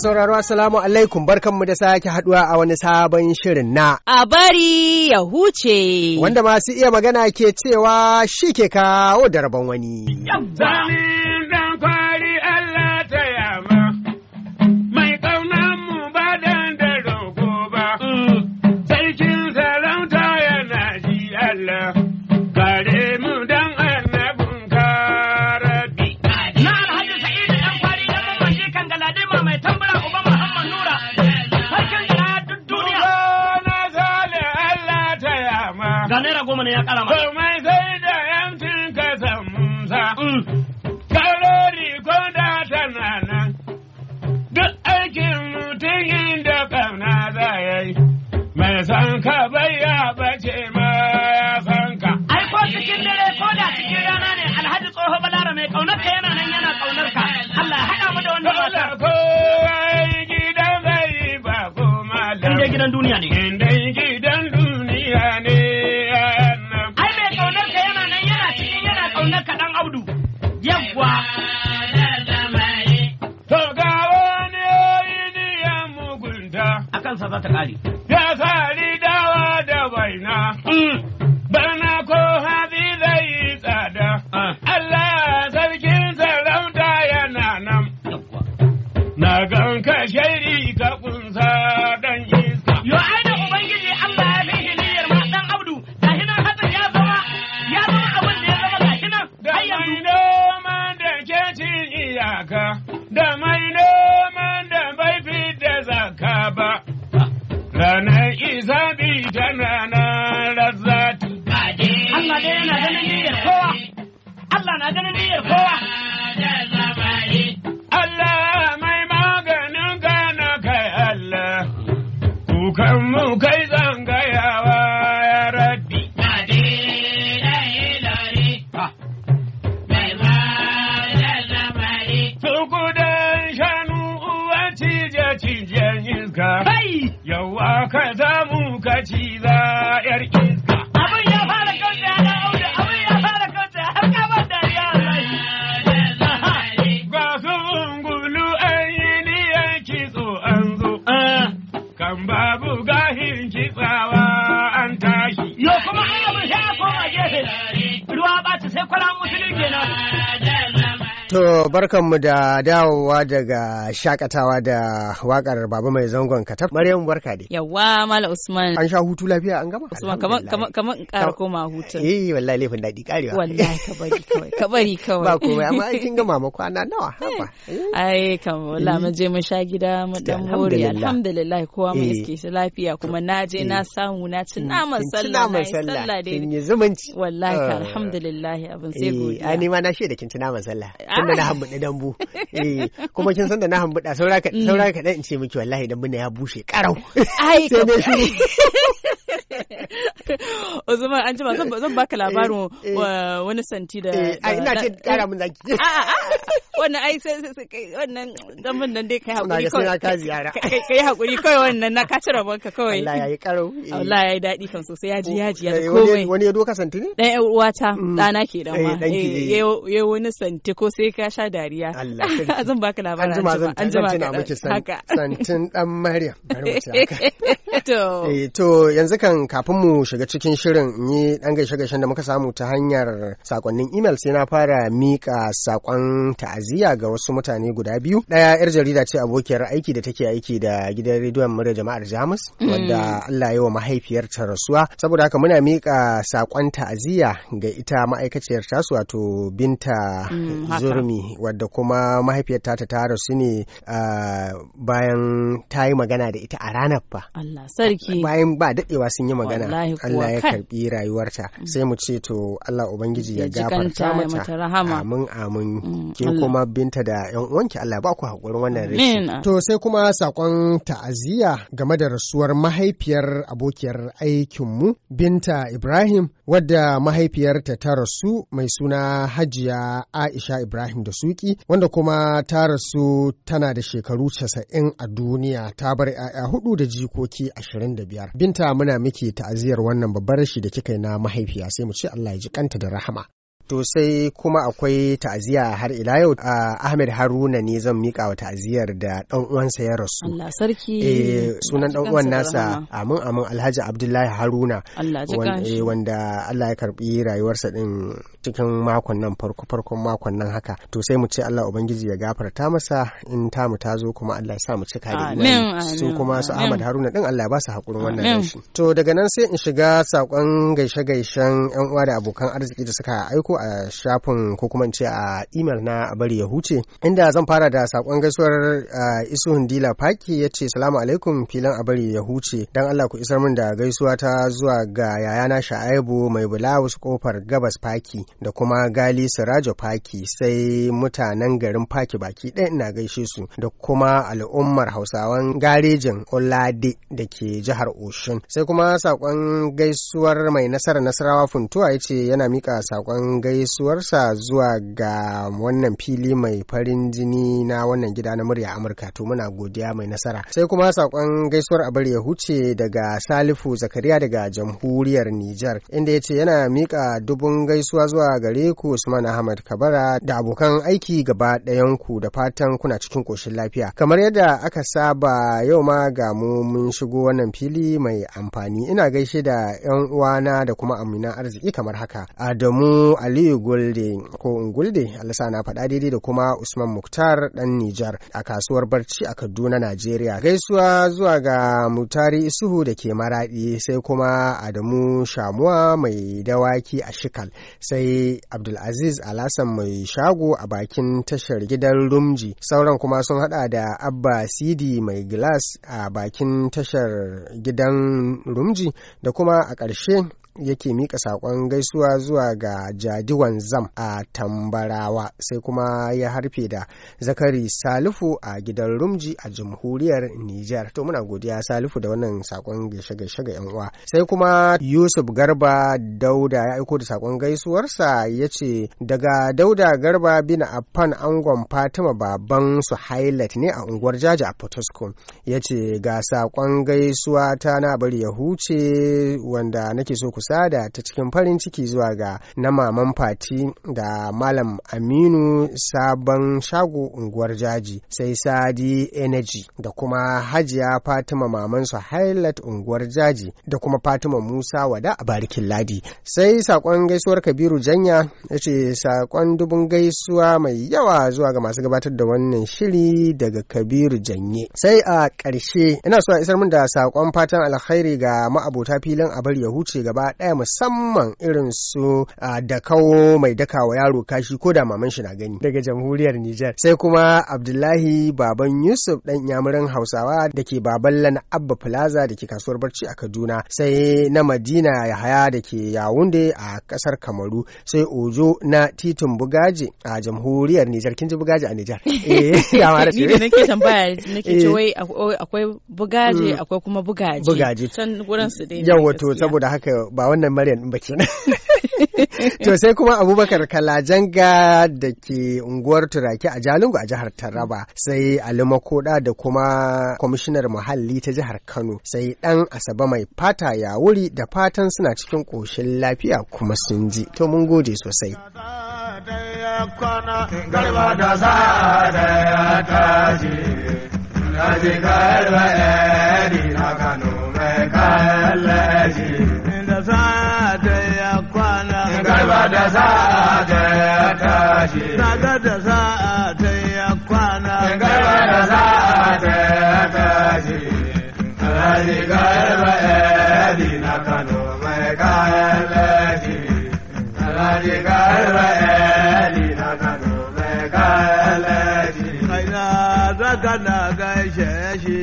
sauraro assalamu alaikum barkanmu da sake haduwa a wani sabon shirin na. A bari ya huce. Wanda masu iya magana ke cewa shi ke kawo da rabon wani. Allah. I don't una barkanmu da dawowa daga shakatawa da wakar babu mai zangon katar. Maryam barka dai. Yawwa Mala Usman. An sha hutu lafiya an gama? Usman kamar in ƙara koma hutu. Eh wallahi laifin daɗi ƙarewa. Wallahi kabari kawai. Kabari kawai. Ba komai amma ai kin gama ma kwana nawa eh. haba. Eh. Ai kam wallahi mun je mun sha gida mu dan more alhamdulillah kowa mai eh. iske shi lafiya kuma na je na samu na ci naman sallah. Na sallah. Kin yi zumunci. Wallahi ah. alhamdulillah abin sai godiya. Ai ni ma na shaida kin ci naman sallah. Ah. Tunda na hambu dambu eh, kuma kin san da na hambuda saura ka in ce miki wallahi dambu na ya bushe karau ai sai ne Usman an jima zan baka eh, labarin eh. wani santi da eh, ina ce kara mun zaki. Wannan ai sai sai wannan dan mun nan dai kai hakuri kawai. Na ka ziyara. Kai hakuri kawai wannan na ka rabon banka kawai. Allah yayi karo. Allah yayi dadi kan so sai yaji yaji ya ji komai. Wani ya doka santi ne? Dan uwata mm. ɗana ke dan ma. Yayi wani santi ko sai ka sha dariya. Allah. Zan baka labarin an jima zan an tuna miki santin dan Maryam. To. To yanzu dukan kafin mu shiga cikin shirin in yi ɗan gaishe-gaishen da muka samu ta hanyar sakonnin imel sai na fara mika sakon ta'aziyya ga wasu mutane guda biyu. Ɗaya yar jarida ce abokiyar aiki da take aiki da gidan rediyon murya jama'ar Jamus mm. wadda Allah ya wa mahaifiyarta rasuwa. Saboda haka muna mika sakon ta'aziyya ga ita ma'aikaciyar su wato Binta mm, Zurmi wadda kuma mahaifiyarta ta ta rasu ne bayan ta yi magana da ita a ranar fa. Allah sarki. Bayan ba daɗewa sun yi magana Allah ya karbi rayuwarta mm. sai mu ce to Allah ubangiji ya gafarta mata amin amin mm, ke kuma binta da yan uwanki Allah ba ku hakurin wannan rashi to sai kuma sakon ta'aziyya game da rasuwar mahaifiyar abokiyar aikinmu binta Ibrahim wadda mahaifiyarta ta rasu mai suna Hajiya Aisha Ibrahim da Suki wanda kuma ta rasu tana da shekaru 90 a duniya ta bar 'ya'ya hudu da jikoki 25 binta muna Miki ta'aziyar wannan babbar rashi da kika yi na mahaifiya sai mu ce Allah ya ji kanta da rahama To sai kuma akwai ta'aziyya har ila yau Ahmed Haruna ne zan mika wa ta'aziyar da dan uwansa ya rasu. Allah sarki. Eh sunan dan uwan nasa Amin Amin Alhaji Abdullahi Haruna. Allah ji eh, wanda Allah ya karbi rayuwarsa din cikin makon nan farko farkon makon nan haka. To sai mu ce Allah ubangiji ya gafarta masa in ta mu ta zo kuma Allah ya sa mu cika da imani. Su kuma su Ahmed Haruna din Allah ya ba su hakurin wannan To daga nan sai in shiga sakon gaishe-gaishen yan uwa da abokan arziki da suka aiko a shafin ko kuma in ce a imel na bari ya huce inda zan fara da sakon gaisuwar isuhun dila faki ya ce salamu alaikum filin a bari ya huce don Allah ku isar min da gaisuwa ta zuwa ga yayana sha'aibu mai bulawus kofar gabas faki da kuma gali sirajo faki sai mutanen garin faki baki ɗaya ina gaishe su da kuma al'ummar hausawan garejin olade da ke jihar oshun sai kuma sakon gaisuwar mai nasara nasarawa funtuwa ya ce yana mika sakon gaisuwarsa zuwa ga wannan fili mai farin jini na wannan gida na murya Amurka to muna godiya mai nasara. Sai kuma sakon gaisuwar abar ya huce daga Salifu Zakariya daga jamhuriyar Nijar inda ya ce yana mika dubun gaisuwa zuwa gare ku Usman Ahmad Kabara da abokan aiki gaba ɗayan ku da fatan kuna cikin koshin lafiya. Kamar yadda aka saba yau ma ga mu mun shigo wannan fili mai amfani ina gaishe da 'yan uwana da kuma amina arziki kamar haka. Adamu Aliyu Gulde ko Gulde Alisa na faɗa daidai da kuma Usman Muktar ɗan Nijar a kasuwar Barci a Kaduna Najeriya. Gaisuwa zuwa ga Mutari Isuhu da ke Maraɗi sai kuma Adamu Shamuwa mai dawaki a Shikal sai Abdulaziz Alasan mai shago a bakin tashar gidan Rumji sauran kuma sun haɗa da Abba Sidi mai gilas a bakin tashar gidan Rumji da kuma a ƙarshe yake mika sakon gaisuwa zuwa ga jadiwan zam a tambarawa sai kuma ya harfe da zakari salifu a gidan rumji a jamhuriyar nijar to muna godiya salifu da wannan sakon gaishe-gaishe ga 'yan uwa sai kuma yusuf garba dauda ya aiko da sakon gaisuwarsa ya ce daga dauda garba bina afan angon fatima baban su highlight ne a unguwar jaji a potosco ya ce ga sakon gaisuwa ta na bari ya huce wanda nake so ku da ta cikin farin ciki zuwa ga na maman fati da malam aminu sabon shago unguwar jaji sai sadi energy da kuma hajiya fatima mamansu highlight unguwar jaji da kuma fatima musa wada a barikin ladi sai sakon gaisuwar kabiru janya ya ce sakon dubun gaisuwa mai yawa zuwa ga masu gabatar da wannan shiri daga kabiru janye sai a ƙarshe ina so a isar min da sakon fatan alkhairi ga ma'abota filin abar ya huce gaba ɗaya musamman irin su da kawo mai dakawa yaro kashi ko da maman shi na gani daga jamhuriyar Nijar sai kuma Abdullahi baban Yusuf dan yamurin Hausawa da ke Lana Abba Plaza da ke kasuwar Barci a Kaduna sai na Madina Yahaya da ke Yawunde a kasar Kamaru sai Ojo na titin Bugaje a jamhuriyar Nijar kin ji Bugaje a Nijar eh ya mara ni da nake tambaya nake ce eh. wai akwai Bugaje mm. akwai kuma Bugaje. Bugaji can gurin su dai yawa to saboda haka ba wannan Maryam ba ke to sai kuma Abubakar Kalajanga da ke unguwar Turaki a Jalingo a jihar Taraba sai Ali Makoda da kuma kwamishinar muhalli ta jihar Kano sai dan Asaba mai fata ya wuri da fatan suna cikin koshin lafiya kuma sun ji to mun gode sosai. Garba da za kanu mai sa'a ta ya kwana. Garba da sa'a da ya tashi. Naga da sa'a da ya kwana. Garba da sa'a da ya tashi. Alhaji garba yadi na Kano mai kayan lashi. Alhaji garba yadi na Kano mai kayan lashi. Kaina zaka na gaishe shi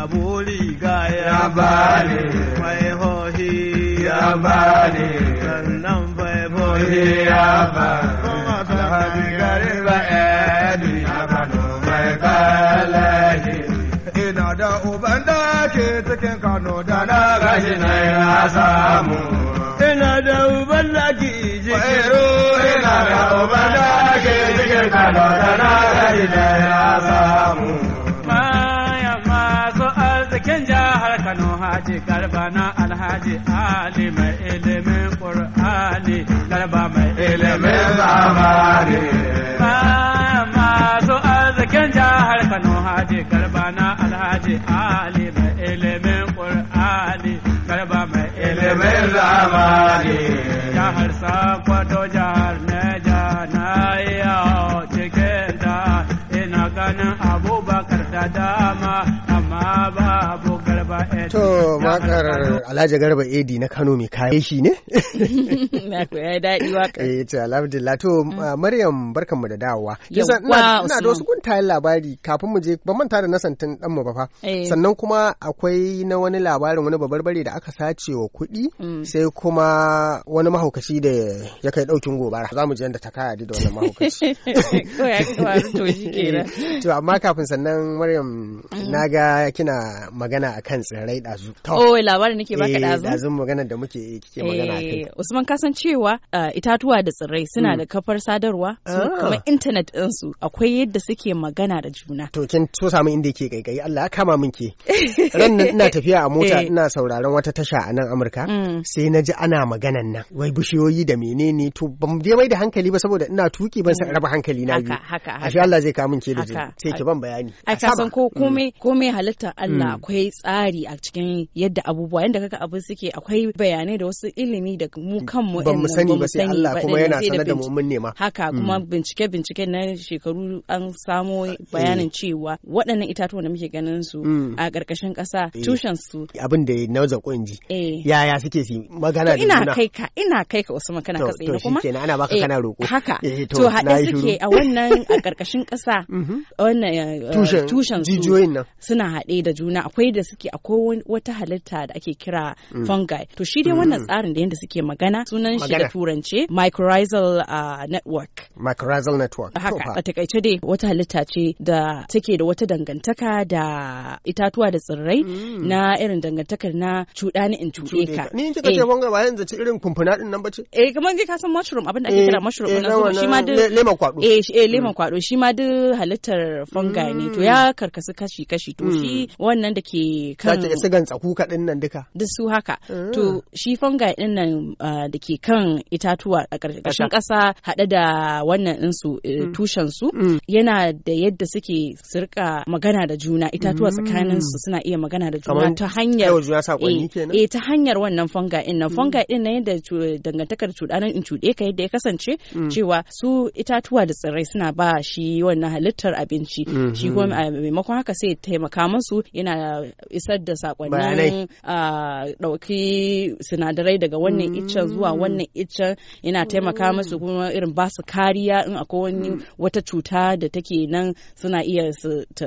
a buri ga ya bani. Mai hohi ya bani sannan bai boye ya bani kuma sahabi gari ba edi abanu mai kalahi ina da uban da ke cikin kano da na gashi na ya samu ina da uban da ke jikin ina da uban da ke da na gashi na ya samu jihar Kano Haji Garba na Alhaji Ali mai ilimin ƙurani Garba mai ilimin labari masu arzikin jihar Kano Haji Garba na Alhaji Ali wakar Alhaji Garba Edi na Kano mai kayan shi ne? Na koya daɗi wakar. Eh ta alhamdulillah to mm. uh, Maryam barkanmu da dawowa. Yasa ina da wasu guntayen labari kafin mu je ban manta da na santin dan mu ba fa. Eh. Sannan kuma akwai na wani labarin wani babarbare da aka sace wa kuɗi mm. sai kuma wani mahaukaci da ya kai ɗaukin gobara. Za mu je da ta kaya da wannan mahaukaci. to amma kafin sannan Maryam mm. na ga kina magana akan tsirrai ɗazu. oh labarin nake baka dazu eh dazun magana da muke kike magana akai eh, Usman ka san cewa uh, itatuwa da tsirrai suna hmm. da kafar sadarwa ah. kuma internet din su akwai yadda suke magana da juna to kin so samu inda yake gaigayi Allah ya kama min ke ran nan ina tafiya a mota eh. ina sauraron wata tasha a nan Amurka hmm. sai na ji ana maganan nan wai bishiyoyi da menene to ban je mai da hankali ba saboda ina tuki ban san hmm. raba hankali na biyu haka haka Allah zai kama min ke da sai ki ban bayani a kasan ko komai komai halitta Allah akwai tsari a cikin yadda yadda abubuwa yadda kaka abu suke akwai bayanai da wasu ilimi da mu kanmu ba mu sani ba sai Allah kuma yana sanar da mu mun nema haka mm. kuma bincike bincike na shekaru an samo eh. bayanin cewa waɗannan itatuwa da muke ganin su mm. a ƙarƙashin ƙasa eh. tushen su abin da na zaƙo in ji eh. yaya suke su magana da ina kai ka ina kai ka wasu kana ka tsaye kuma to ana baka kana roƙo haka to haɗe suke a wannan a ƙarƙashin ƙasa mm-hmm. wannan tushen su nan suna haɗe da juna akwai da suke akwai wata halitta halitta da ake kira mm. fungi to shi dai wannan mm. tsarin da yadda suke magana sunan shi da turance mycorrhizal uh, network mycorrhizal network haka a takaice dai wata halitta ce da take da wata dangantaka da itatuwa da tsirrai mm. na irin dangantakar na cuɗa ni in cuɗe ka ni in kika ce eh. fungi ba yanzu ci irin kumfuna din nan ba ce eh kamar dai ka san mushroom abin da ake eh, kira mushroom eh, na shi ma duk lemon kwado eh eh lemon kwado shi ma duk halittar fungi ne to ya karkasu kashi kashi to shi wannan da ke kan sigan tsaku din nan duka duk su haka ah. to shi fanga din nan ah, da ke kan itatuwa a ƙarƙashin ƙasa haɗe da wannan ɗinsu eh, mm. tushen su mm. yana da yadda suke sirka magana da juna itatuwa mm. tsakanin su suna iya magana da juna ta hanyar eh, eh ta hanyar wannan fanga din nan fanga din nan yadda dangantakar cuɗanan in cuɗe ka yadda ya kasance cewa su itatuwa da tsirrai suna ba shi wannan halittar abinci shi mm-hmm. kuma maimakon haka sai taimaka musu yana isar da saƙonni zan ɗauki sinadarai daga wannan mm. iccen zuwa wannan iccen yana taimaka mm. musu kuma irin ba su kariya in akwai wani mm. wata cuta da take nan suna iya su ta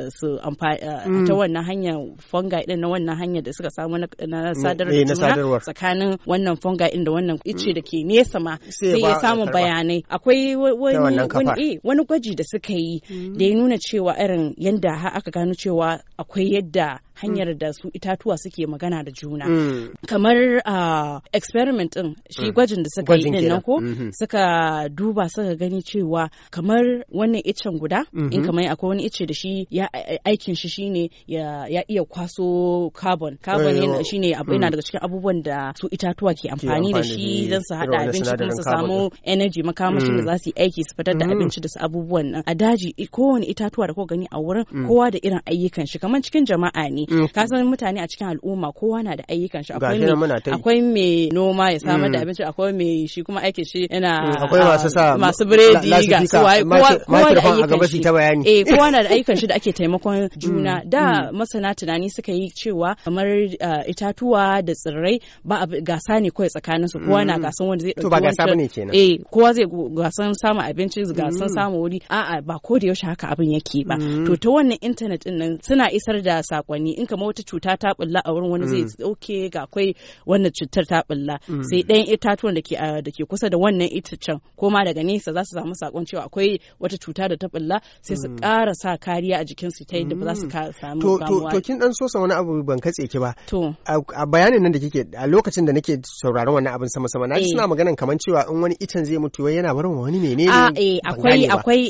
wannan hanya fungi din na wannan hanya da suka samu na sadarwa eh, tsakanin wannan fungi din da wannan icce da ke nesa ma sai ya samu bayanai akwai wani eh, wani gwaji da suka yi da ya nuna cewa irin yadda aka gano cewa akwai yadda hanyar mm. da su itatuwa suke magana da juna mm. kamar ah, experiment din shi mm. gwajin da suka yi nan ko mm-hmm. suka duba suka gani cewa kamar wannan icen guda in mm-hmm. kamar akwai wani ice da shi ya aikin shi shine ya iya kwaso carbon carbon eh, shine abu yana daga cikin abubuwan da su itatuwa ke amfani da shi don su haɗa abinci kuma su samu energy makamashi da za su yi aiki su fitar da mm-hmm. abinci da su abubuwan nan a daji kowane itatuwa da ko gani a wurin kowa da irin ayyukan shi kamar cikin jama'a ne Mm. ka san mutane a cikin al'umma kowa na da ayyukan shi akwai mai noma ya samar da mm. abinci akwai mai shi kuma aikin shi yana mm, ah, akwai masu sa masu biredi ga kowa da ayyukan shi bayani eh kowa na da ayyukan shi da ake taimakon juna da masana tunani suka yi cewa kamar ah, itatuwa da tsirrai ba gasa ne kawai tsakanin su kowa na gasan wanda zai dauki ba gasa bane kenan eh kowa zai gasan samun abinci gasan samun wuri a'a ba ko da yaushe haka abin yake ba to ta wannan internet din nan suna isar da sakonni in kama wata cuta ta bulla a wurin wani zai mm. ok ga akwai wannan cutar ta bulla mm. sai ɗayan itatuwan da ke da ke kusa da wannan itacen ko ma daga nesa za su samu sakon cewa akwai wata cuta da ta bulla sai su mm. ƙara sa kariya a jikin su ta yadda ba za su samu kamuwa to kin dan sosa wani abu ban katse ki ba to a bayanin nan da kike a lokacin da nake sauraron wannan abin sama sama na ji eh. suna maganan kamar cewa in wani itan zai mutu wai yana barin wani menene a ah, eh akwai akwai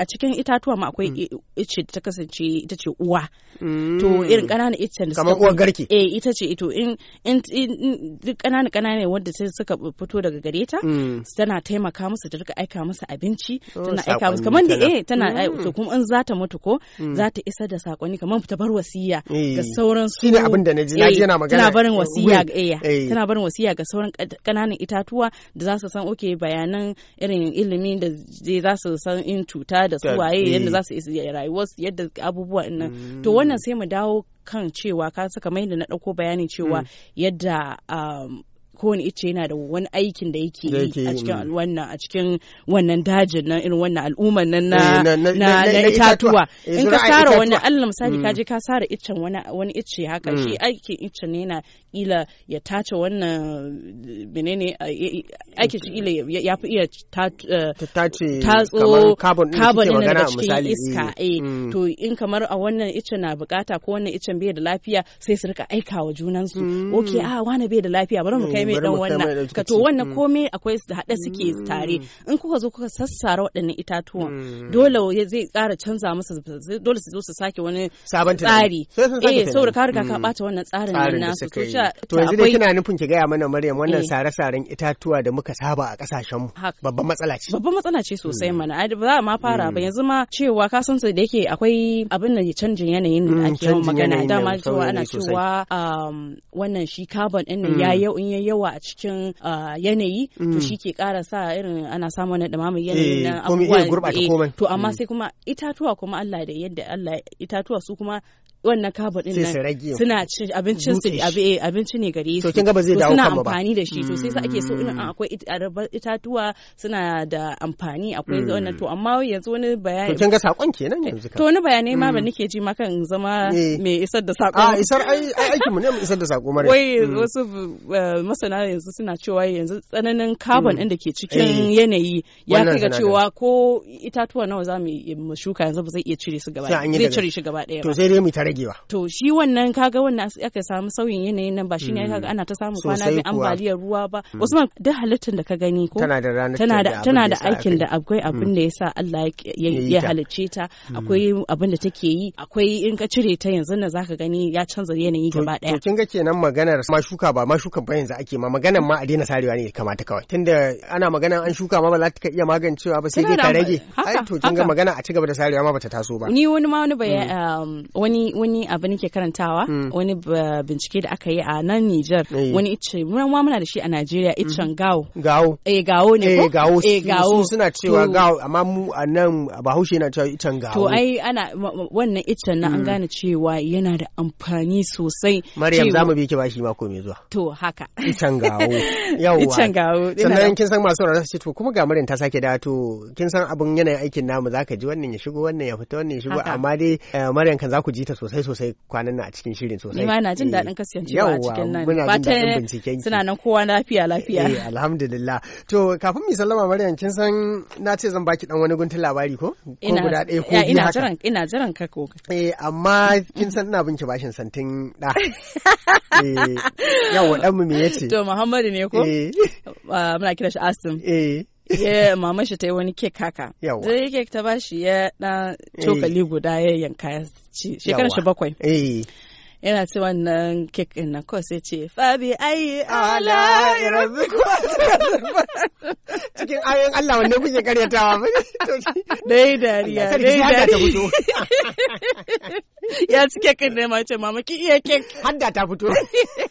a cikin itatuwa ma akwai ice ta kasance ita ce uwa to irin kanana mm. iccen da kamar uwar garki eh ita ce ito in duk kanana kanana wanda sai suka fito daga gare ta mm. tana taimaka musu ta rika aika musu abinci oh, tana aika musu kamar da eh tana mm. to kuma in zata mutu ko Zata isa da sakonni kamar ta bar wasiya ga eh. sauran su shine abin da naji naji eh, yana magana tana barin wasiya ga eh, eh. tana barin wasiya ga sauran kananan itatuwa da za su san oke bayanan irin ilimi da za su san in cuta da su waye yadda za su isa rayuwarsu yadda abubuwa nan to wannan sai mu dawo kan cewa ka saka mai da na ɗauko bayani cewa mm. yadda um, kowane ice yana da wani aikin da yake yi a cikin mm. wannan a cikin wannan dajin nan irin wannan al'umman nan na eh, na itatuwa eh, in ka sara wani allah misali mm. ka je ka sara icen wani wani ice haka shi mm. aikin icen yana ila ya tace wannan menene aikin shi ila ya fi iya eh, tatso carbon din da cikin iska eh to in kamar a wannan icen na bukata ko wannan icen bai da lafiya sai su rika aika wa junan su okay a ah, wani bai da lafiya bari mu kai mai dan wannan ka to wannan mm. komai akwai su haɗe suke mm. tare in kuka zo kuka sassara waɗannan itatuwan mm. dole zai ƙara canza musu dole su zo su sake wani sabon tsari eh saboda ka riga ka ɓata wannan tsarin nan nasu to sha to yanzu dai kina nufin ki gaya mana Maryam wannan eh. sare-saren itatuwa da muka saba a kasashen mu babban matsala ce babban matsala ce sosai mana a ba ma fara ba yanzu ma cewa ka san da yake akwai abin da canjin yanayin da ake yawan magana dama cewa ana cewa um, wannan shi carbon din ya yau in ya yawa a cikin uh, yanayi to mm. shi ke kara sa irin ana samun wani ɗumamin eh, yanayi na abubuwa eh, to amma mm. sai kuma itatuwa kuma Allah da yadda Allah itatuwa su kuma wannan carbon din nan suna cin abincin su abinci ne gare su kin ga ba zai dawo kan ba suna amfani da shi to sai sa ake so in mm. akwai itatuwa suna da amfani akwai mm. wannan to amma yanzu wani bayani to kin ga sakon kenan yanzu to wani bayanai ma ba mm. nake ji kan zama mai isar da sako a ah, isar ai aikin mu ne mu isar da sako mare wai wasu eh, masana yanzu suna cewa yanzu tsananin carbon din da ke cikin eh. yanayi ya kai ga cewa ko itatuwa nawa za mu shuka yanzu ba zai iya cire su gaba zai cire shi gaba daya to sai dai mu ragewa to shi wannan kaga wannan aka samu sauyin yanayin nan ba ne mm. kaga ana ta samu kwana bi ambaliyar ruwa ba mm. usman duk halittar da ka gani ko tana da ranar tana da aikin da akwai abin mm. da yasa Allah ya halicce ta akwai abin da take yi akwai in ka cire ta yanzu nan zaka gani ya canza yanayi gaba daya to kin ga kenan maganar ma shuka ba ma shukan ba yanzu ake ma maganar ma a daina sarewa ne kamata kawai tunda ana magana an shuka ma ba za ta iya magancewa ba sai dai ta rage ai to kin ga magana a ci gaba da sarewa ma bata taso ba ni wani ma wani um, wani wani abu nake karantawa mm. wani eh, bincike da aka yi a nan Niger eh. wani ice mun ma muna da shi a Najeriya mm-hmm. icen gawo gawo eh gawo ne ko eh gawo eh gawo suna cewa gawo amma mu a nan Bahaushe yana cewa icen gawo to ai ana wannan icen na an mm. gane cewa yana da amfani sosai Maryam zamu bi ki shi mako mai zuwa to haka icen gawo yawa icen gawo sannan kin san masu rarrafa to kuma ga Maryam ta sake da to kin san abun yanayin aikin namu zaka ji wannan ya shigo wannan ya fita wannan ya shigo amma dai eh, Maryam kan za ku ji ta sosai sosai sosai kwanan na a cikin shirin sosai. Nima na jin eh. daɗin kasancewa a cikin nan. Muna jin daɗin binciken suna nan kowa lafiya lafiya. Eh alhamdulillah. To kafin mu sallama Maryam kin san na ce zan baki dan wani guntun labari ko? Ko guda ɗaya ko biyu haka. Ina jiran ina jiran ka ko. Eh amma kin san ina binki bashin santin da. Eh yawa dan mu me yace? To Muhammadu ne ko? Eh ah, muna kira shi Asim. Eh ya mama shi ta yi wani kek haka da yi kek ta bashi ya na cokali eh. guda ya yanka ya ci shekarar shi bakwai eh. yana ce wannan kek din nan kawai sai ce fabi ayi ala irazuku cikin ayoyin Allah wanne kuke karyatawa dai dariya dai dariya ya ci kek ne ma ce mama ki iya kek hadda ta fito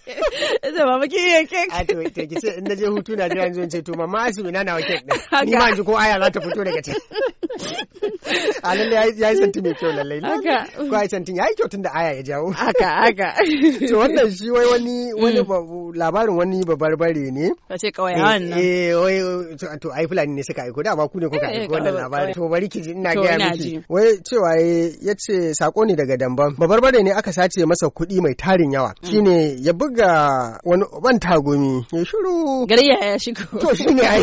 ce mama ki iya kek a to to ki ce in naje hutu na jira yanzu ce to mama asibi na nawa kek din ni ma ji ko aya za ta fito daga can a lalle ya yi santi mai kyau lallai haka ko a yi santi ya yi kyau tun da aya ya jawo haka haka to wannan shi wai wani mm. wani labarin wani babarbare ne ka ce kawai wannan eh, eh wai to ai fulani ne suka aiko ba ku ne kuka eh, aiko wannan labarin to bari ki ina ga miki wai cewa eh, yace sako ne daga babar babarbare ne aka sace masa kuɗi mai tarin yawa mm. shine ya buga wani ban tagumi ya shiru gari ya shigo to shine ai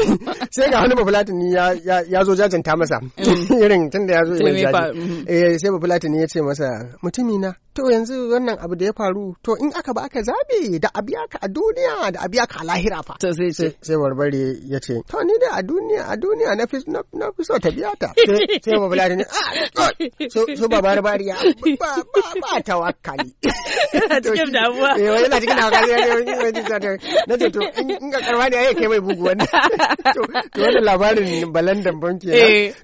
sai ga wani bafulatani ya ya zo jajanta masa mm. irin tunda ya zo ya jaji mm. eh sai bafulatani ya ce masa mutumina to yanzu wannan abu da ya faru to in aka ba aka zabe da a biya ka a duniya da a biya ka a lahira fa to sai ce sai barbare ya ce to ni da a duniya a duniya na fi na fi so ta biya ta sai bala ne so so ba barbare ya ba ba ba tawakkali cikin damuwa eh wani na cikin damuwa na ce to in ga karwa ne ai kai mai bugu to labarin balandan banki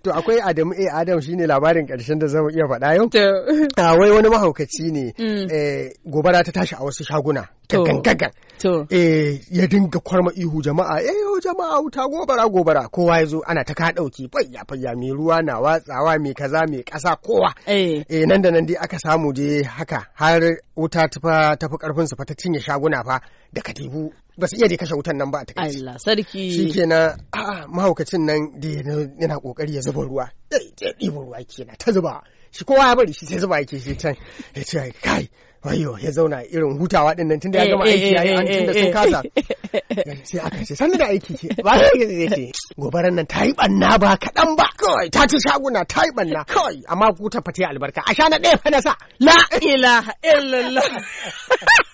to akwai Adamu A Adam shine labarin karshen da zamu iya faɗa yau a wai wani mahaukaci shine mm. eh, gobara ta tashi a wasu shaguna gaggan gaggan eh, ya dinga kwarma ihu jama'a eh jama'a wuta gobara gobara kowa ya zo ana ta ka bai ya fayya mai ruwa na watsawa mai kaza mai kasa kowa eh. nan da nan dai aka samu je haka har wuta ta fi karfin su fa ta cinye shaguna fa da katibu ba su iya da kashe wutan nan ba a Allah sarki. Shi kenan na mahaukacin nan da yana kokari ya zuba ruwa. ɗaya ɗaya ruwa kenan ta zuba. shi kowa ya bari shi sai zuba yake shi can ya ce kai wayo ya zauna irin hutawa din nan tunda ya gama eh, eh, aiki yi eh, an tunda sun kasa sai aka ce sanda da aiki ke ba ya yi ce gobaran nan ta yi banna ba kaɗan ba kawai ta ci shaguna ta yi banna kawai amma ku ta albarka a sha na ɗaya fa na sa la ilaha illallah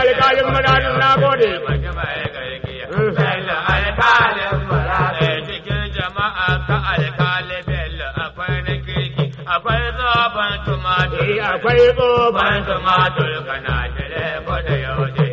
alƙalin muranin na gode. alƙalin muranin cikin jama'a ka alƙali bello akwai na kirki akwai zoban tumatur. Akwai zoban tumatur kana jire ko da yau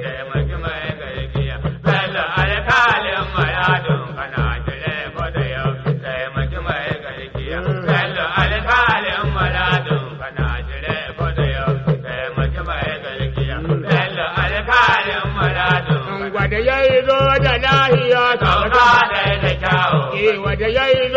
ke wadda ya yi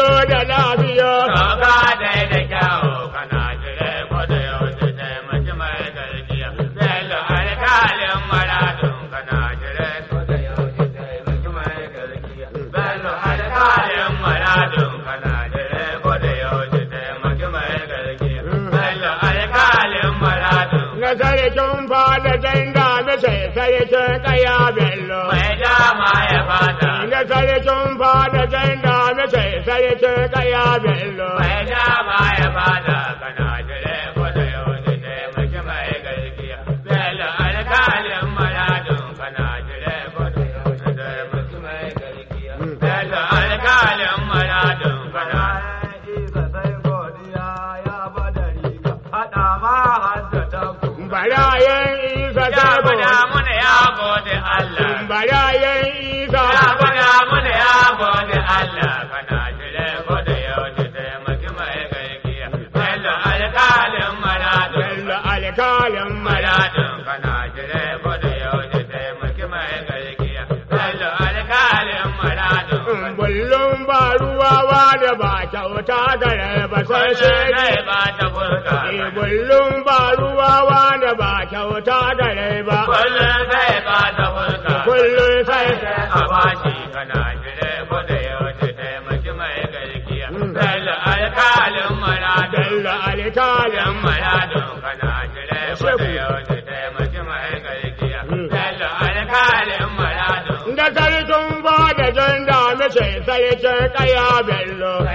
sarkin fadatan da na sai sarkin kaya bello. Mai dama ya fata. Na sarkin fadatan da na sai sarkin kaya bello. Mai dama ya fata. yayan isa. Ya faɗa mana ya Allah kana da yau da taimaki mai Bello alkalin maradun. Bello alkalin maradun kana shirye yau taimaki mai Bello maradun. ba ruwa wa da ba kyauta da ba shi. ba ruwa wa da ba kyauta da ba. Da kai tun ba da jan da mace sai ce kaya bello.